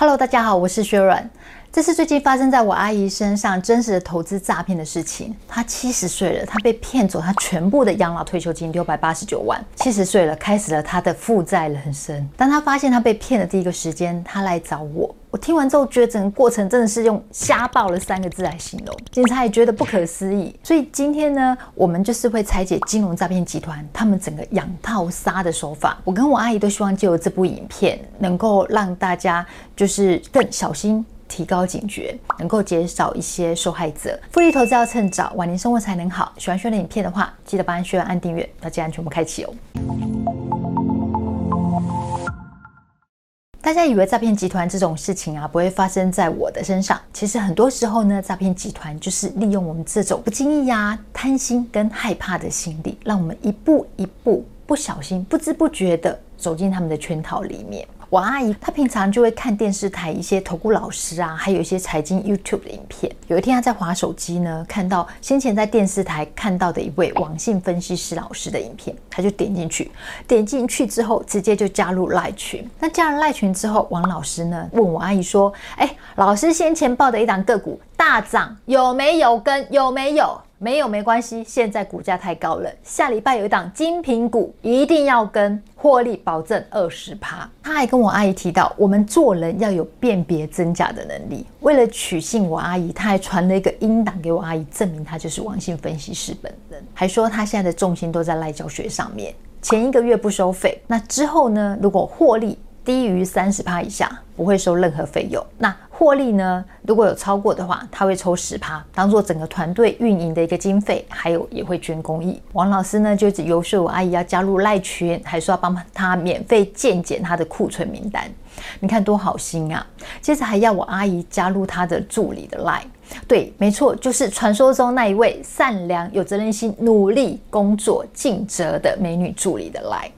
Hello，大家好，我是雪倫。這是最近發生在我阿姨身上真實的投資詐騙的事情。她七十歲了，她被騙走她全部的養老退休金六百八十九萬。七十歲了，開始了她的負債人生。當她發現她被騙的第一個時間，她來找我。我聽完之後，覺得整個過程真的是用“瞎爆了”三個字來形容。警察也覺得不可思議。所以今天呢，我們就是會拆解金融詐騙集團他們整個養套殺的手法。我跟我阿姨都希望借由這部影片，能夠讓大家就是更小心。提高警覺，能夠減少一些受害者。複利投資要趁早，晚年生活才能好。喜歡雪倫的影片的話，記得幫雪倫按訂閱。那今天全部開啟哦。大家以為詐騙集團這種事情啊，不會發生在我的身上。其實很多時候呢，詐騙集團就是利用我們這種不經意呀、啊、貪心跟害怕的心理，讓我們一步一步不小心、不知不覺地走進他們的圈套裡面。王阿姨她平常就會看電視台一些投顧老師啊，還有一些財經 YouTube 的影片。有一天她在滑手機呢，看到先前在電視台看到的一位王姓分析師老師的影片，她就點進去。點進去之後，直接就加入 LINE 群。那加了 LINE 群之後，王老師呢問王阿姨說：“哎、欸，老師先前報的一檔個股大漲，有沒有跟？有沒有？”沒有沒關係，現在股價太高了。下禮拜有一檔精品股，一定要跟，獲利保證二十趴。他還跟我阿姨提到，我們做人要有辨別真假的能力。為了取信我阿姨，他還傳了一個音檔給我阿姨，證明他就是王姓分析師本人。還說他現在的重心都在賴教學上面，前一個月不收費，那之後呢？如果獲利，低於三十趴以下不會收任何費用。那獲利呢？如果有超過的話，他會抽十趴當做整個團隊運營的一個經費，還有也會捐公益。王老師呢，就一直遊說我阿姨要加入賴群，還說要幫他免費健檢他的庫存名單。你看多好心啊！接着還要我阿姨加入他的助理的賴。對，沒錯，就是傳說中那一位善良、有責任心、努力工作、盡責的美女助理的賴。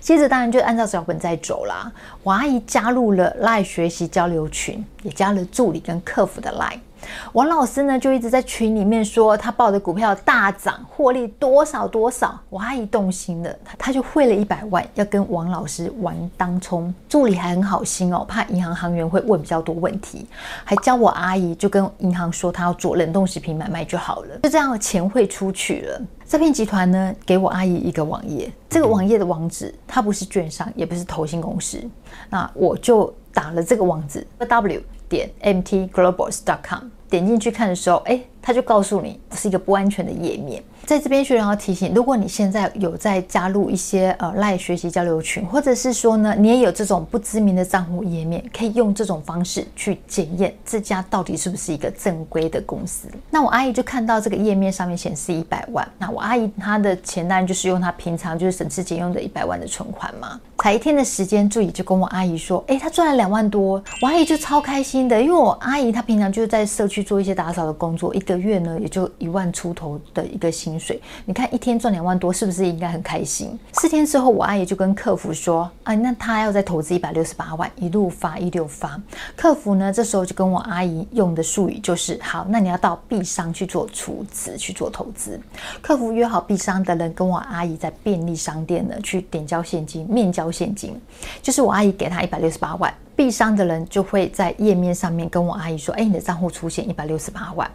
接着當然就按照腳本在走啦。我阿姨加入了賴學習交流群，也加了助理跟客服的賴。王老師呢就一直在群裡面說他報的股票大漲，獲利多少多少。我阿姨動心了，她她就匯了一百萬要跟王老師玩當沖。助理還很好心哦，怕銀行行員會問比較多問題，還教我阿姨就跟銀行說她要做冷凍食品買賣就好了。就這樣錢匯出去了。詐騙集團呢，給我阿姨一個網頁，這個網頁的網址，它不是券商，也不是投信公司，那我就打了這個網址，w 點 mtglobals.com，點進去看的時候，哎。他就告訴你，是一個不安全的頁面。在這邊雪倫要提醒，如果你現在有在加入一些呃賴學習交流群，或者是說呢，你也有這種不知名的賬戶頁面，可以用這種方式去檢驗這家到底是不是一個正規的公司。那我阿姨就看到這個頁面上面顯示一百萬，那我阿姨她的錢當然就是用她平常就是省吃儉用的一百萬的存款嘛，才一天的時間，助理就跟我阿姨說，誒、欸，她賺了兩萬多，我阿姨就超開心的，因為我阿姨她平常就是在社區做一些打掃的工作，一個。一個月呢，也就一萬出頭的一個薪水，你看一天賺兩萬多，是不是應該很開心？四天之後，我阿姨就跟客服說：“啊、哎，那他要再投資一百六十八萬，一路發一路發。”客服呢，這時候就跟我阿姨用的術語就是：“好，那你要到幣商去做儲值，去做投資。”客服約好幣商的人跟我阿姨在便利商店呢，去點交現金，面交現金，就是我阿姨給他一百六十八萬。幣商的人就會在頁面上面跟我阿姨說：“哎、欸，你的賬戶出現一百六十八萬。”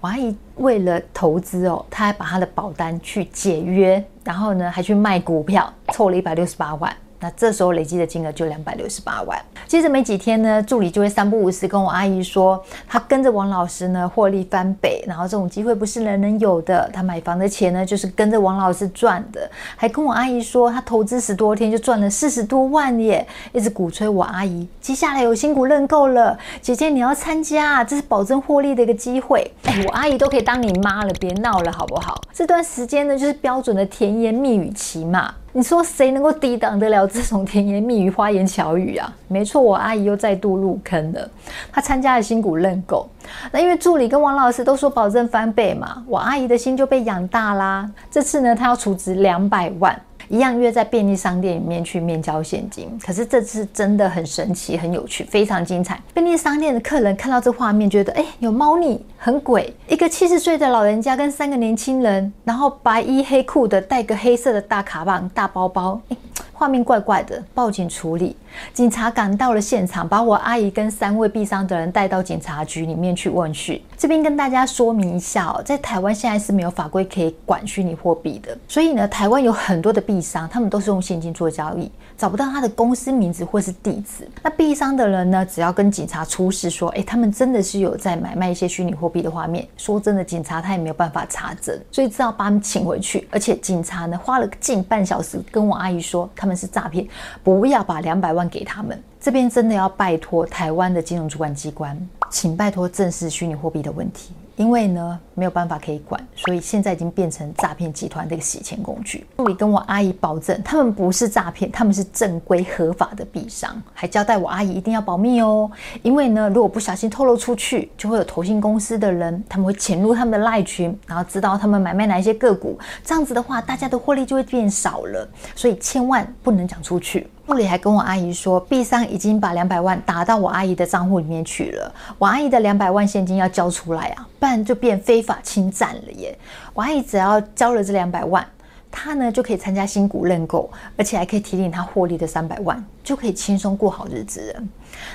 我阿姨為了投資哦、喔，她還把她的保單去解約，然後呢還去賣股票，湊了一百六十八萬。那這時候累計的金額就兩百六十八萬。接着沒幾天呢，助理就會三不五時跟我阿姨說，他跟着王老師呢，獲利翻倍。然後這種機會不是人人有的，他買房的錢呢，就是跟着王老師賺的。還跟我阿姨說，他投資十多天就賺了四十多萬耶，一直鼓吹我阿姨。接下來有新股認購了，姐姐你要參加，這是保證獲利的一個機會。誒，我阿姨都可以當你媽了，別鬧了好不好？這段時間呢，就是標準的甜言蜜語期嘛。你說誰能夠抵擋得了這種甜言蜜語、花言巧語啊？沒錯，我阿姨又再度入坑了。她參加了新股認購，那因為助理跟王老師都說保證翻倍嘛，我阿姨的心就被養大啦。這次呢，她要儲值兩百萬。一樣約在便利商店裡面去面交現金，可是這次真的很神奇、很有趣、非常精彩。便利商店的客人看到這畫面，覺得哎、欸、有貓膩，很詭。一個七十歲的老人家跟三個年輕人，然後白衣黑褲的，帶個黑色的大卡棒、大包包，欸、畫面怪怪的，報警處理。警察趕到了現場，把我阿姨跟三位幣商的人帶到警察局裡面去問訊。這邊跟大家說明一下哦，在台灣現在是沒有法規可以管虛擬貨幣的，所以呢，台灣有很多的幣商，他們都是用現金做交易，找不到他的公司名字或是地址。那幣商的人呢，只要跟警察出示說，哎，他們真的是有在買賣一些虛擬貨幣的畫面。說真的，警察他也沒有辦法查證，所以只好把他們請回去。而且警察呢，花了近半小時跟我阿姨說，他們是詐騙，不要把兩百萬給他們。這邊真的要拜託台灣的金融主管機關。請拜托正視虛擬貨幣的問題，因為呢，沒有辦法可以管，所以現在已經變成詐騙集團的一個洗錢工具。助理跟我阿姨保證，他們不是詐騙，他們是正規合法的幣商。還交代我阿姨一定要保密哦，因為呢，如果不小心透露出去，就會有投信公司的人，他們會潛入他們的 LINE 群，然後知道他們買賣哪一些個股，這樣子的話大家的獲利就會變少了，所以千萬不能講出去。助理還跟我阿姨說，幣商已經把兩百萬打到我阿姨的賬戶裡面去了，我阿姨的兩百萬現金要交出來啊，不然就變非法侵占了耶。我阿姨只要交了這兩百萬，他呢就可以參加新股認購，而且還可以提領他獲利的三百萬，就可以輕鬆過好日子了。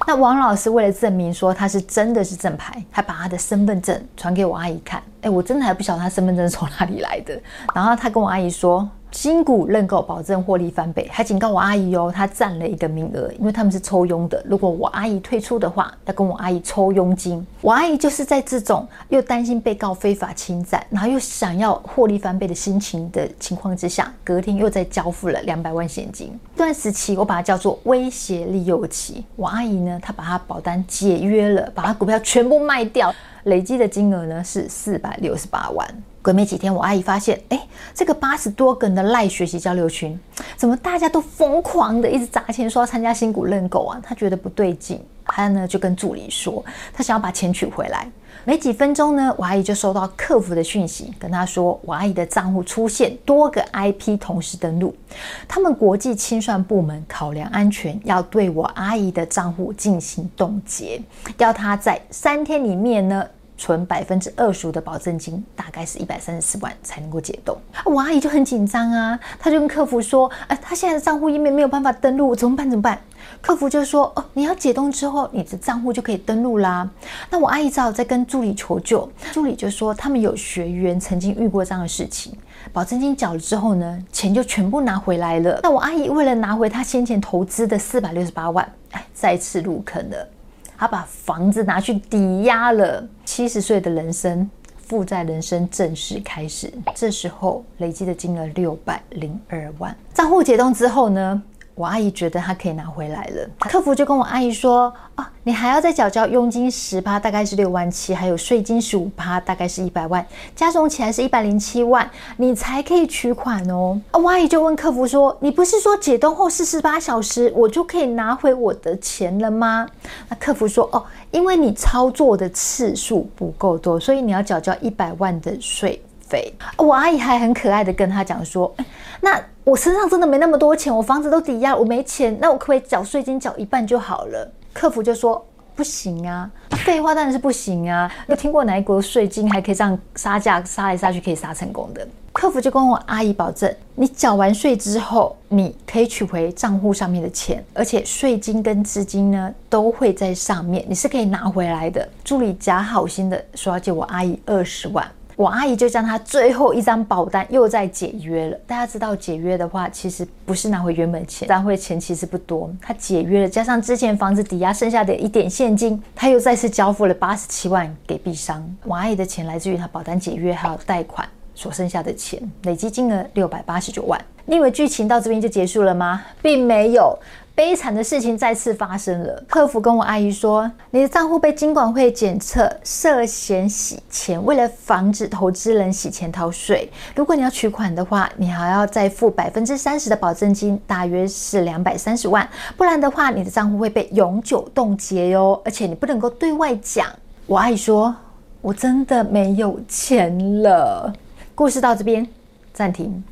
那王老師為了證明說他是真的是正牌，還把他的身份證傳給我阿姨看。誒，我真的還不曉得他身份證是從哪裡來的。然後他跟我阿姨說。新股認購保證獲利翻倍，還警告我阿姨哦，她占了一個名額，因為他們是抽佣的。如果我阿姨退出的話，要跟我阿姨抽佣金。我阿姨就是在這種又擔心被告非法侵占，然後又想要獲利翻倍的心情的情況之下，隔天又再交付了兩百萬現金。這段時期我把它叫做威脅利誘期。我阿姨呢，她把她保單解約了，把她股票全部賣掉，累積的金額呢是四百六十八萬。隔沒幾天，我阿姨發現，哎，這個八十多個人的賴學習交流群，怎麼大家都瘋狂的一直砸錢說要參加新股認購啊？她覺得不對勁，她呢就跟助理說，她想要把錢取回來。沒幾分鐘呢，我阿姨就收到客服的訊息，跟她說，我阿姨的賬戶出現多個 IP 同時登錄，他們國際清算部門考量安全，要對我阿姨的賬戶進行凍結，要她在三天裡面呢。存百分之二十五的保證金，大概是一百三十四萬才能夠解凍。我阿姨就很緊張啊，她就跟客服說：“哎、呃，她現在的賬戶因為沒有辦法登錄，怎麼辦？怎麼辦？”客服就說：“哦，你要解凍之後，你的賬戶就可以登錄啦。”那我阿姨只好再跟助理求救，助理就說他們有學員曾經遇過這樣的事情，保證金繳了之後呢，錢就全部拿回來了。那我阿姨為了拿回她先前投資的四百六十八萬，哎，再次入坑了。他把房子拿去抵押了，七十歲的人生負債人生正式開始。這時候累積的金額六百零二萬，賬戶解凍之後呢？我阿姨覺得她可以拿回來了，客服就跟我阿姨說：“哦，你還要再繳交佣金十趴，大概是六萬七，還有稅金十五趴，大概是一百萬，加總起來是一百零七萬，你才可以取款哦。”啊，我阿姨就問客服說：“你不是說解凍後四十八小時我就可以拿回我的錢了嗎？”那、啊，客服說：“哦，因為你操作的次數不夠多，所以你要繳交一百萬的稅。”我阿姨還很可愛的跟他講說：“那我身上真的沒那麼多錢，我房子都抵押了，我沒錢，那我可不可以繳稅金繳一半就好了？”客服就說：“不行啊，廢話當然是不行啊！有聽過哪一國的稅金還可以這樣殺價，殺來殺去可以殺成功的？”客服就跟我阿姨保證：“你繳完稅之後，你可以取回賬戶上面的錢，而且稅金跟資金呢都會在上面，你是可以拿回來的。”助理假好心的說要借我阿姨二十萬。王阿姨就將她最後一張保單又再解約了。大家知道解約的話，其實不是拿回原本錢，拿回錢其實不多。她解約了，加上之前房子抵押剩下的一點現金，他又再次交付了八十七萬給幣商。王阿姨的錢來自於她保單解約還有貸款所剩下的錢，累積金額六百八十九萬。你以為劇情到這邊就結束了嗎？並沒有。悲慘的事情再次發生了。客服跟我阿姨說，你的賬戶被金管會檢測涉嫌洗錢，為了防止投資人洗錢逃稅，如果你要取款的話，你還要再付百分之三十的保證金，大約是兩百三十萬，不然的話，你的賬戶會被永久凍結哦。而且你不能夠對外講。我阿姨說，我真的沒有錢了。故事到這邊暫停。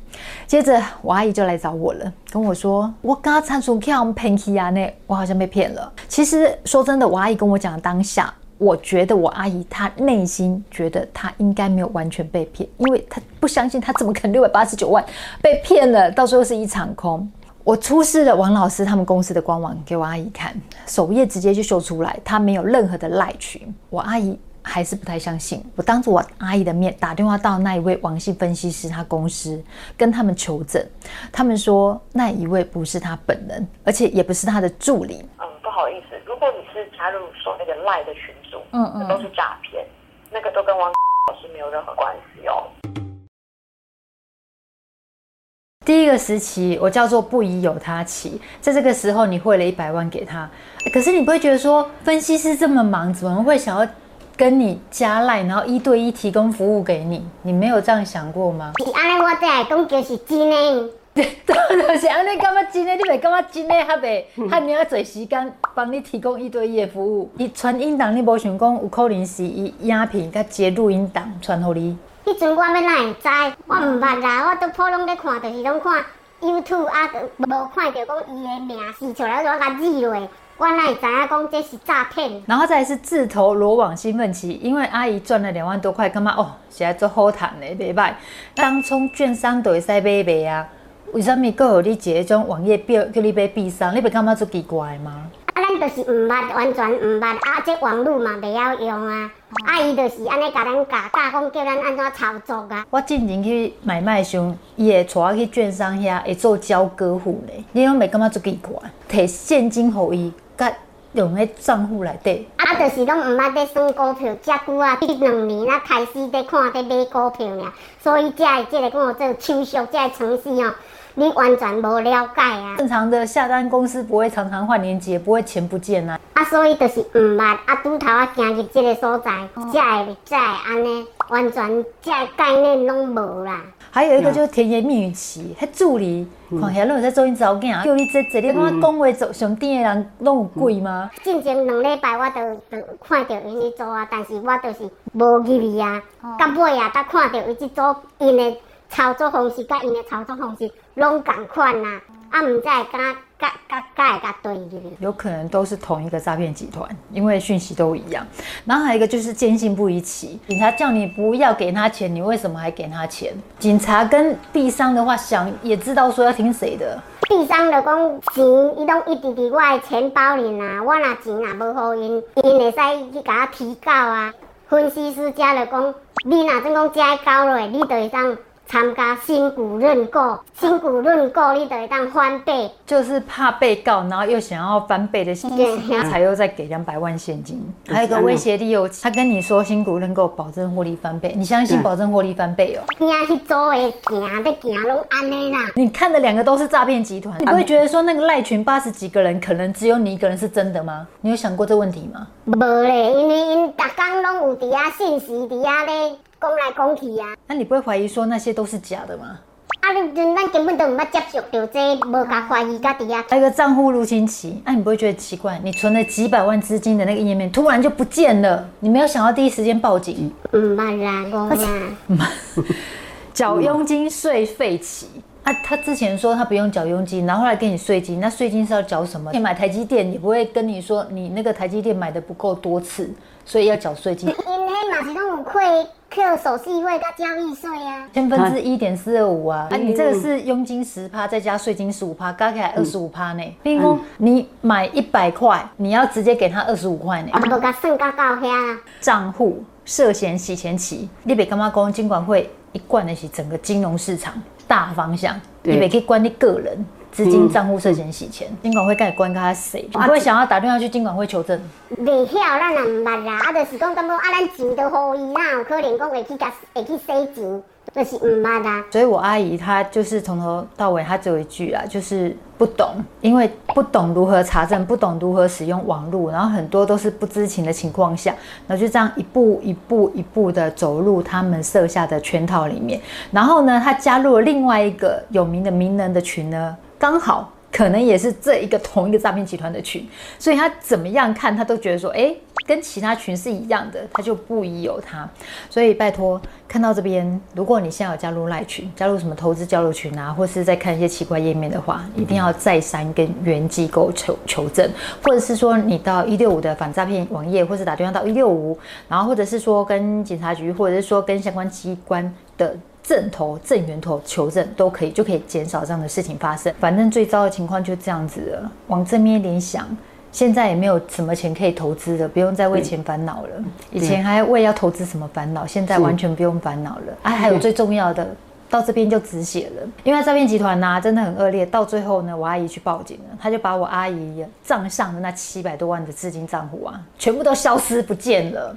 接着，我阿姨就來找我了，跟我說：“我剛剛參賭，看我們賠錢，那我好像被騙了。”其實說真的，我阿姨跟我講的當下，我覺得我阿姨她內心覺得她應該沒有完全被騙，因為她不相信，她怎麼可能六百八十九萬被騙了，到時候是一場空？我出示了王老師他們公司的官網給我阿姨看，首頁直接就秀出來，她沒有任何的賴群。我阿姨。還是不太相信，我當着我阿姨的面打電話到那一位王姓分析師他公司，跟他們求證，他們說，那一位不是他本人，而且也不是他的助理。嗯，不好意思，如果你是加入說那個賴的群組，嗯嗯，都是詐騙，那個都跟王 X 老師沒有任何關係哦。第一個時期我叫做不疑有他期，在這個時候你匯了一百萬給他，可是你不會覺得說分析師這麼忙，怎麼會想要？跟你加賴，然後一對一提供服務給你，你沒有這樣想過嗎？是安尼，我才來講就是真的。對， 就是安尼，感覺真的，你袂感覺真的還不，還那麼多時間幫你提供一對一的服務。伊 傳音檔，你無想講有可能是伊音頻，甲接錄音檔傳乎你。迄陣我要哪會知道？我唔捌啦，我拄好攏在看，就是攏看 YouTube，也、啊、無看到講伊的名字，是上來我就把它剪落。我哪會知道說這是詐騙，然後再來是自投羅網興奮期，因為阿姨賺了兩萬多塊，感覺哦？實在好趁咧，袂䆀，當沖券商都會使買賣啊？為什咪佫有你接迄種網頁表叫你買幣商？你袂感覺真奇怪嗎？啊，咱就是毋捌完全毋捌啊，即網路嘛袂曉用啊。阿、哦、姨、啊、就是安尼甲咱教，教講叫咱安怎操作啊？我進前去買賣的時候，伊會帶我去券商遐，會做交割戶的，你攏袂感覺真奇怪？摕現金互伊。用喺賬戶裡底，啊，就是攏唔捌在算股票，遮久啊，即兩年啦，開始在看在買股票爾，所以遮、這個即、這個話做手續，遮、這個程序哦，你完全無了解啊。正常的下單公司不會常常換連接，不會錢不見啊。啊，所以就是唔捌、嗯，啊，拄頭啊，行入即個所在，遮個遮個安尼，完全遮個概念攏無啦。還有一個叫甜言蜜語期，遐、嗯、助理，況且攏在做因查某囝，叫伊在在，你講講話做，嗯嗯做上頂的人攏有跪嗎？進前兩禮拜我都都看到伊在做啊，但是我都是無入去啊。到尾啊才看到伊在做因的。操作方式甲因的操作方式攏同款吶，啊，毋知會干，甲甲甲會甲對去。有可能都是同一個詐騙集團，因為訊息都一樣。然後還有一個就是堅信不疑起，警察叫你不要給他錢，你為什麼還給他錢？警察跟幣商的話，想也知道說要聽誰的。幣商就講錢，伊講一直佇我嘅錢包裡吶、啊，我若錢也、啊、無給因，因會使去甲提告啊。分析師家就講，你若真講加高了，你就會當。參加新股認購，新股認購你等於當翻倍，就是怕被告，然後又想要翻倍的心，然 才又再給兩百萬現金 還有一個威脅利誘，他跟你說新股認購保證獲利翻倍，你相信保證獲利翻倍哦、喔 你看的兩個都是詐騙集團，你不會覺得說那個賴群八十幾個人，可能只有你一個人是真的嗎？你有想過這問題嗎？無咧，因為因逐工攏有底啊信息底啊咧講來講去啊。那、啊、你不會懷疑說那些都是假的嗎？啊，你陣咱根本都唔捌接觸到這個，無甲懷疑家底啊。還有一個賬戶入侵期，那、啊、你不會覺得奇怪？你存了幾百萬資金的那個頁面突然就不見了，你沒有想到第一時間報警？嗯，冇、啊、啦，冇啦。繳、啊嗯啊、 佣金稅費期。啊，他之前說他不用繳佣金，然後來給你稅金。那稅金是要繳什麼？你買台積電，也不會跟你說你那個台積電買得不夠多次，所以要繳稅金。因為買這種會扣手續費跟交易稅啊，千分之一點四二五啊，嗯。啊，你這個是佣金十趴，再加稅金十五趴，加起來二十五趴。呢，比、嗯、如、嗯、你買一百塊，你要直接給他二十五塊呢。啊、我給他賬戶涉嫌洗錢起，立被幹嘛？工金管會一貫的是整個金融市場。大方向，因為可以管你個人。資金賬戶涉嫌洗錢，金、嗯、管會蓋棺看他誰，不、啊、會想要打電話去金管會求證。袂、嗯、曉，咱也唔捌，啦，啊，就是講，敢不啊，咱錢，都好伊啦，可憐講會去假，會去洗錢，那是唔捌啦。所以，我阿姨她就是從頭到尾，她只有一句啊，就是不懂，因為不懂如何查證，不懂如何使用網絡，然後很多都是不知情的情況下，然後就這樣一步一步一步的走入他們設下的圈套裡面。然後呢，她加入了另外一個有名的名人的群呢。剛好可能也是這一個同一個詐騙集團的群，所以他怎麼樣看他都覺得說，誒，跟其他群是一樣的，他就不疑有他。所以拜托，看到這邊，如果你現在有加入賴群，加入什麼投資交流群啊，或是在看一些奇怪頁面的話，一定要再三跟原機構求求證，或者是說你到一六五的反詐騙網頁，或是打電話到一六五，然後或者是說跟警察局，或者是說跟相關機關。正頭、正源頭求證都可以，就可以減少這樣的事情發生。反正最糟的情況就這樣子了。往正面聯想，現在也沒有什麼錢可以投資的，不用再為錢煩惱了、嗯。以前還為要投資什麼煩惱，現在完全不用煩惱了。哎、嗯啊，還有最重要的，嗯、到這邊就止血了。因為詐騙集團吶、啊，真的很惡劣。到最後呢，我阿姨去報警了，他就把我阿姨賬上的那七百多萬的資金賬戶啊，全部都消失不見了。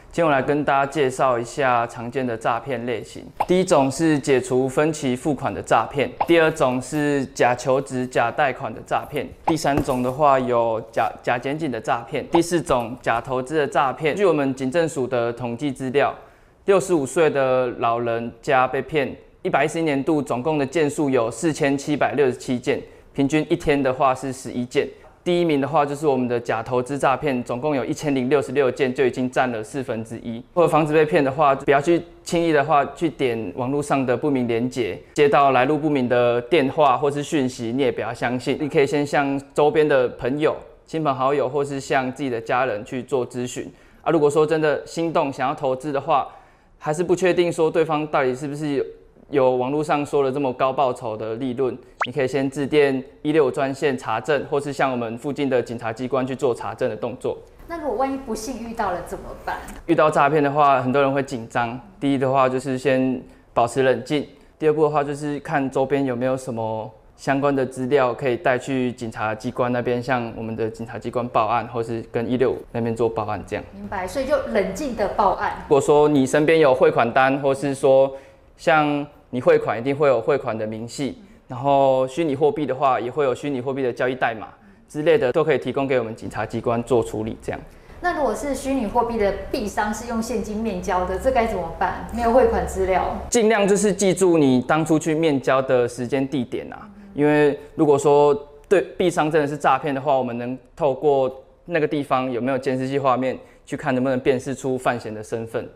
今天我來跟大家介紹一下常見的詐騙類型。第一種是解除分期付款的詐騙，第二種是假求職、假貸款的詐騙，第三種的話有假假檢警的詐騙，第四種假投資的詐騙。據我們警政署的統計資料，六十五歲的老人家被騙，一百一十一年度總共的件數有四千七百六十七件，平均一天的話是十一件。第一名的話就是我們的假投資詐騙，總共有一千零六十六件，就已經占了四分之一。或者防止被騙的話，就不要去輕易的話去點網絡上的不明連結，接到來路不明的電話或是訊息，你也不要相信。你可以先向周邊的朋友、親朋好友，或是向自己的家人去做諮詢。啊，如果說真的心動想要投資的話，還是不確定說對方到底是不是。有網絡上說的這麼高報酬的利潤，你可以先致電一六專線查證，或是向我們附近的警察機關去做查證的動作。那如果萬一不幸遇到了怎麼辦？遇到詐騙的話，很多人會緊張。第一的話就是先保持冷靜，第二步的話就是看周邊有沒有什麼相關的資料可以帶去警察機關那邊，向我們的警察機關報案，或是跟一六那邊做報案這樣。明白，所以就冷靜的報案。如果說你身邊有匯款單，或是說像。你匯款一定會有匯款的明細、嗯，然後虛擬貨幣的話也會有虛擬貨幣的交易代碼之類的，嗯、都可以提供給我們警察機關做處理。這樣，那如果是虛擬貨幣的幣商是用現金面交的，這該怎麼辦？沒有匯款資料，儘量就是記住你當初去面交的時間地點啊，嗯、因為如果說對幣商真的是詐騙的話，我們能透過那個地方有沒有監視器畫面，去看能不能辨識出犯嫌的身份。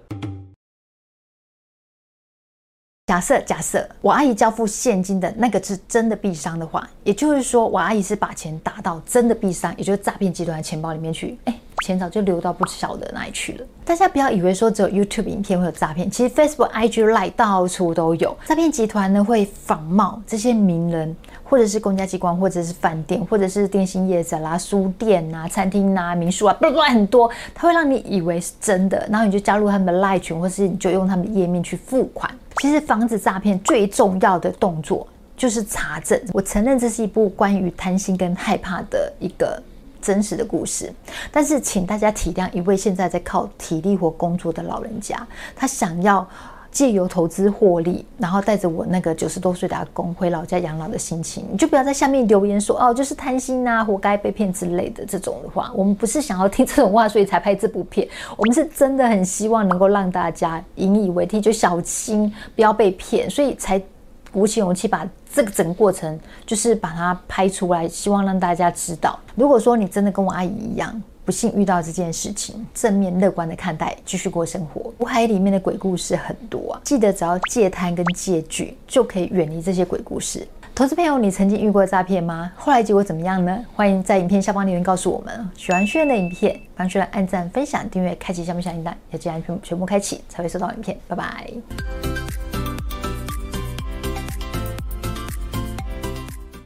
假設假設我阿姨交付現金的那個是真的幣商的話，也就是說我阿姨是把錢打到真的幣商，也就是詐騙集團的錢包裡面去，哎、欸，錢早就流到不曉得哪裡去了。大家不要以為說只有 YouTube 影片會有詐騙，其實 Facebook、IG、Line 到處都有詐騙集團呢，會仿冒這些名人。或者是公家機關，或者是飯店，或者是電信業者啦、書店吶、啊、餐廳吶、啊、民宿啊，不不，很多，它會讓你以為是真的，然後你就加入他們的賴群，或是你就用他們的頁面去付款。其實防止詐騙最重要的動作就是查證。我承認這是一部關於貪心跟害怕的一個真實的故事，但是請大家體諒一位現在在靠體力活工作的老人家，他想要，借由投資獲利，然後帶着我那個九十多歲的阿公回老家養老的心情，你就不要在下面留言說哦，就是貪心吶、啊，活該被騙之類的這種的話。我們不是想要聽這種話，所以才拍這部片。我們是真的很希望能夠讓大家引以為戒，就小心不要被騙，所以才鼓起勇氣把這個整個過程就是把它拍出來，希望讓大家知道。如果說你真的跟我阿姨一樣。不幸遇到這件事情，正面樂觀的看待，繼續過生活。五海裡面的鬼故事很多啊，記得只要戒貪跟戒懼，就可以遠離這些鬼故事。投資朋友，你曾經遇過詐騙嗎？後來結果怎麼樣呢？歡迎在影片下方留言告訴我們。喜歡雪倫的影片，幫雪倫按讚、分享、訂閱、開啟下面小鈴鐺，要記得全部開啟才會收到影片。拜拜。